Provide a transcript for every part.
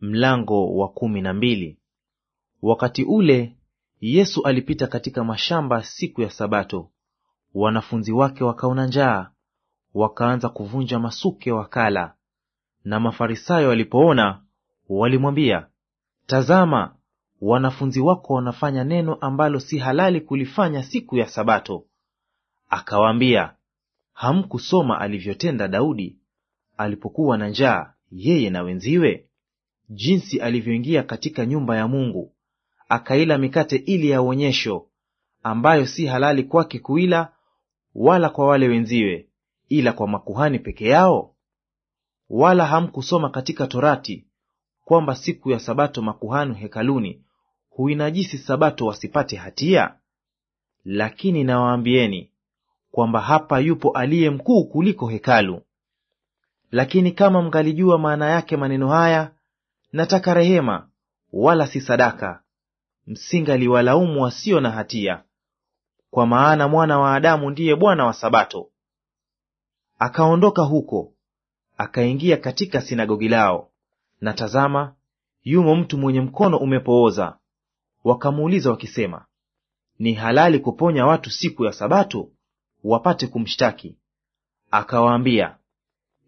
mlango wa kumi na mbili. Wakati ule Yesu alipita katika mashamba siku ya Sabato. Wanafunzi wake wakaona njaa, wakaanza kuvunja masuke wakala. Na Mafarisayo walipoona, walimwambia, Tazama, wanafunzi wako wanafanya neno ambalo si halali kulifanya siku ya Sabato. Akawaambia, hamkusoma alivyotenda Daudi alipokuwa na njaa, yeye na wenziwe? jinsi alivyoingia katika nyumba ya Mungu akaila mikate ili ya uonyesho, ambayo si halali kwake kuila wala kwa wale wenziwe, ila kwa makuhani peke yao? Wala hamkusoma katika Torati kwamba siku ya Sabato makuhani hekaluni huinajisi Sabato wasipate hatia? Lakini nawaambieni kwamba hapa yupo aliye mkuu kuliko hekalu. Lakini kama mngalijua maana yake maneno haya, Nataka rehema, wala si sadaka, msingaliwalaumu wasio na hatia, kwa maana mwana wa Adamu ndiye Bwana wa Sabato. Akaondoka huko akaingia katika sinagogi lao, na tazama, yumo mtu mwenye mkono umepooza. Wakamuuliza wakisema, ni halali kuponya watu siku ya Sabato? wapate kumshtaki. Akawaambia,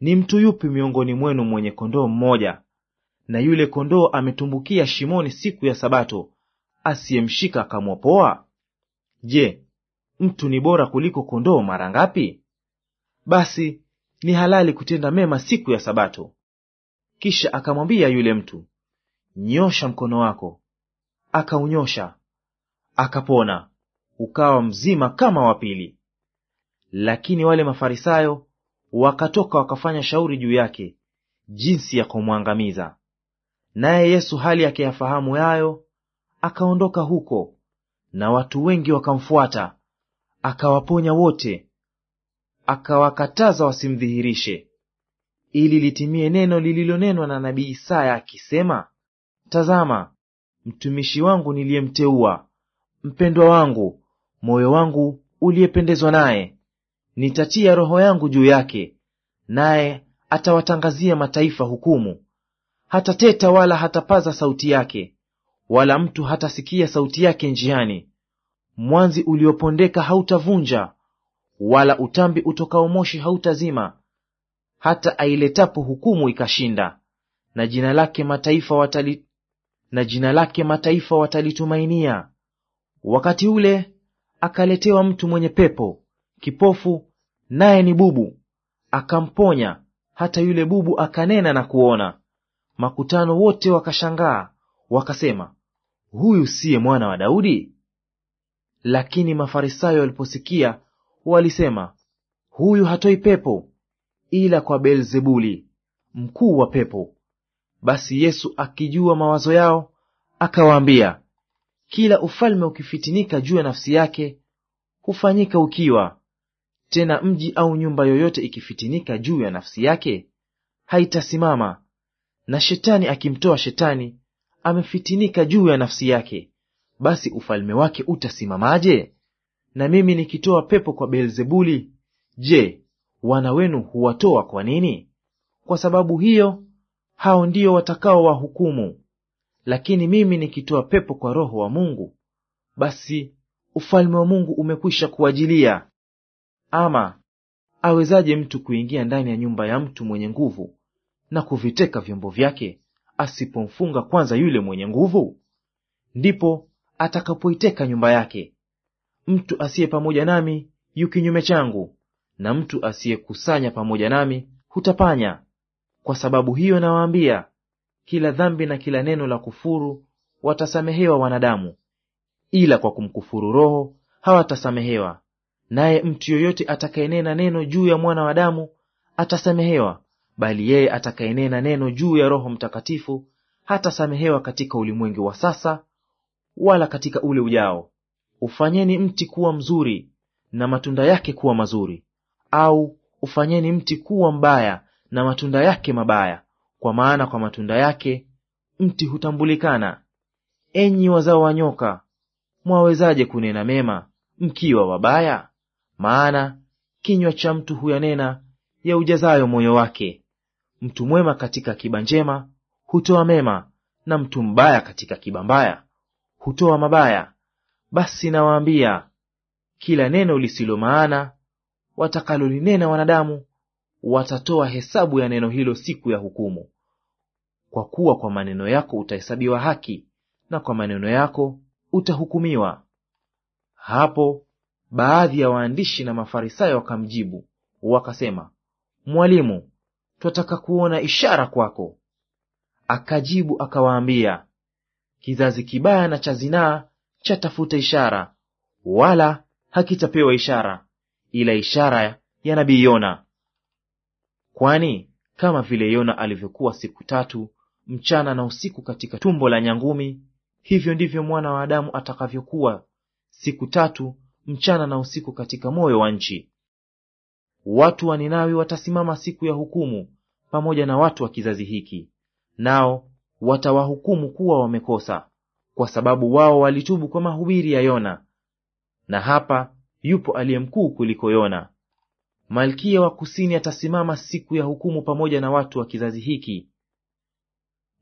ni mtu yupi miongoni mwenu mwenye kondoo mmoja na yule kondoo ametumbukia shimoni siku ya Sabato, asiyemshika akamwopoa? Je, mtu ni bora kuliko kondoo mara ngapi? Basi ni halali kutenda mema siku ya Sabato. Kisha akamwambia yule mtu, nyosha mkono wako. Akaunyosha, akapona, ukawa mzima kama wa pili. Lakini wale Mafarisayo wakatoka wakafanya shauri juu yake, jinsi ya kumwangamiza. Naye Yesu hali akiyafahamu yayo, akaondoka huko, na watu wengi wakamfuata, akawaponya wote, akawakataza wasimdhihirishe, ili litimie neno lililonenwa na nabii Isaya akisema, Tazama, mtumishi wangu niliyemteua, mpendwa wangu, moyo wangu uliyependezwa naye; nitatia roho yangu juu yake, naye atawatangazia mataifa hukumu, hatateta wala hatapaza sauti yake, wala mtu hatasikia sauti yake njiani. Mwanzi uliopondeka hautavunja, wala utambi utokao moshi hautazima, hata ailetapo hukumu ikashinda. Na jina lake mataifa watali na jina lake mataifa watalitumainia. Wakati ule akaletewa mtu mwenye pepo kipofu, naye ni bubu, akamponya, hata yule bubu akanena na kuona. Makutano wote wakashangaa wakasema, huyu siye mwana wa Daudi? Lakini Mafarisayo waliposikia walisema, huyu hatoi pepo ila kwa Beelzebuli mkuu wa pepo. Basi Yesu akijua mawazo yao akawaambia, kila ufalme ukifitinika juu ya nafsi yake hufanyika ukiwa. Tena mji au nyumba yoyote ikifitinika juu ya nafsi yake haitasimama, na shetani akimtoa shetani, amefitinika juu ya nafsi yake, basi ufalme wake utasimamaje? Na mimi nikitoa pepo kwa Beelzebuli, je, wana wenu huwatoa kwa nini? Kwa sababu hiyo hao ndio watakao wahukumu. Lakini mimi nikitoa pepo kwa Roho wa Mungu, basi ufalme wa Mungu umekwisha kuajilia. Ama awezaje mtu kuingia ndani ya nyumba ya mtu mwenye nguvu na kuviteka vyombo vyake, asipomfunga kwanza yule mwenye nguvu, ndipo atakapoiteka nyumba yake. Mtu asiye pamoja nami yu kinyume changu, na mtu asiyekusanya pamoja nami hutapanya. Kwa sababu hiyo nawaambia, kila dhambi na kila neno la kufuru watasamehewa wanadamu, ila kwa kumkufuru Roho hawatasamehewa. Naye mtu yoyote atakayenena neno juu ya mwana wa Adamu atasamehewa, Bali yeye atakayenena neno juu ya Roho Mtakatifu hatasamehewa katika ulimwengu wa sasa wala katika ule ujao. Ufanyeni mti kuwa mzuri na matunda yake kuwa mazuri, au ufanyeni mti kuwa mbaya na matunda yake mabaya, kwa maana kwa matunda yake mti hutambulikana. Enyi wazao wa nyoka, mwawezaje kunena mema mkiwa wabaya? Maana kinywa cha mtu huyanena ya ujazayo moyo wake. Mtu mwema katika akiba njema hutoa mema, na mtu mbaya katika akiba mbaya hutoa mabaya. Basi nawaambia, kila neno lisilo maana watakalolinena wanadamu, watatoa hesabu ya neno hilo siku ya hukumu. Kwa kuwa kwa maneno yako utahesabiwa haki, na kwa maneno yako utahukumiwa. Hapo baadhi ya waandishi na Mafarisayo wakamjibu wakasema, Mwalimu, twataka kuona ishara kwako. Akajibu akawaambia, kizazi kibaya na cha zinaa chatafuta ishara, wala hakitapewa ishara, ila ishara ya nabii Yona. Kwani kama vile Yona alivyokuwa siku tatu mchana na usiku katika tumbo la nyangumi, hivyo ndivyo mwana wa Adamu atakavyokuwa siku tatu mchana na usiku katika moyo wa nchi watu wa Ninawi watasimama siku ya hukumu pamoja na watu wa kizazi hiki, nao watawahukumu kuwa wamekosa, kwa sababu wao walitubu kwa mahubiri ya Yona. Na hapa yupo aliye mkuu kuliko Yona. Malkia wa kusini atasimama siku ya hukumu pamoja na watu wa kizazi hiki,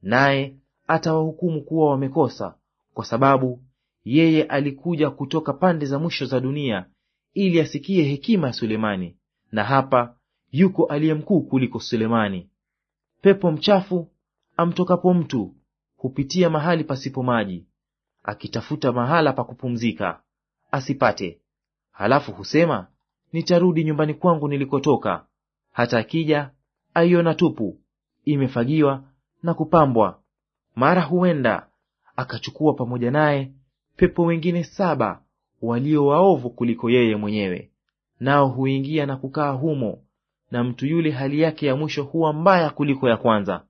naye atawahukumu kuwa wamekosa, kwa sababu yeye alikuja kutoka pande za mwisho za dunia ili asikie hekima ya Sulemani, na hapa yuko aliye mkuu kuliko Sulemani. Pepo mchafu amtokapo mtu hupitia mahali pasipo maji, akitafuta mahala pa kupumzika, asipate. Halafu husema nitarudi nyumbani kwangu nilikotoka. Hata akija aiona tupu, imefagiwa na kupambwa. Mara huenda akachukua pamoja naye pepo wengine saba walio waovu kuliko yeye mwenyewe nao huingia na kukaa humo, na mtu yule hali yake ya mwisho huwa mbaya kuliko ya kwanza.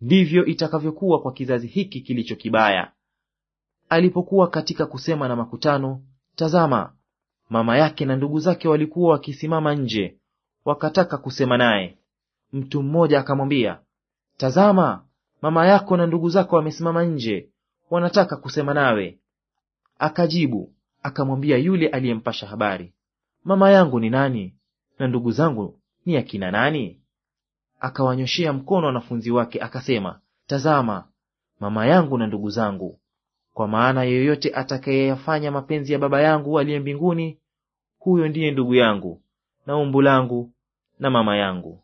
Ndivyo itakavyokuwa kwa kizazi hiki kilicho kibaya. Alipokuwa katika kusema na makutano, tazama, mama yake na ndugu zake walikuwa wakisimama nje, wakataka kusema naye. Mtu mmoja akamwambia, tazama, mama yako na ndugu zako wamesimama nje, wanataka kusema nawe. Akajibu akamwambia yule aliyempasha habari, mama yangu ni nani, na ndugu zangu ni akina nani? Akawanyoshea mkono wanafunzi wake akasema, tazama, mama yangu na ndugu zangu. Kwa maana yeyote atakayeyafanya mapenzi ya Baba yangu aliye mbinguni, huyo ndiye ndugu yangu na umbu langu na mama yangu.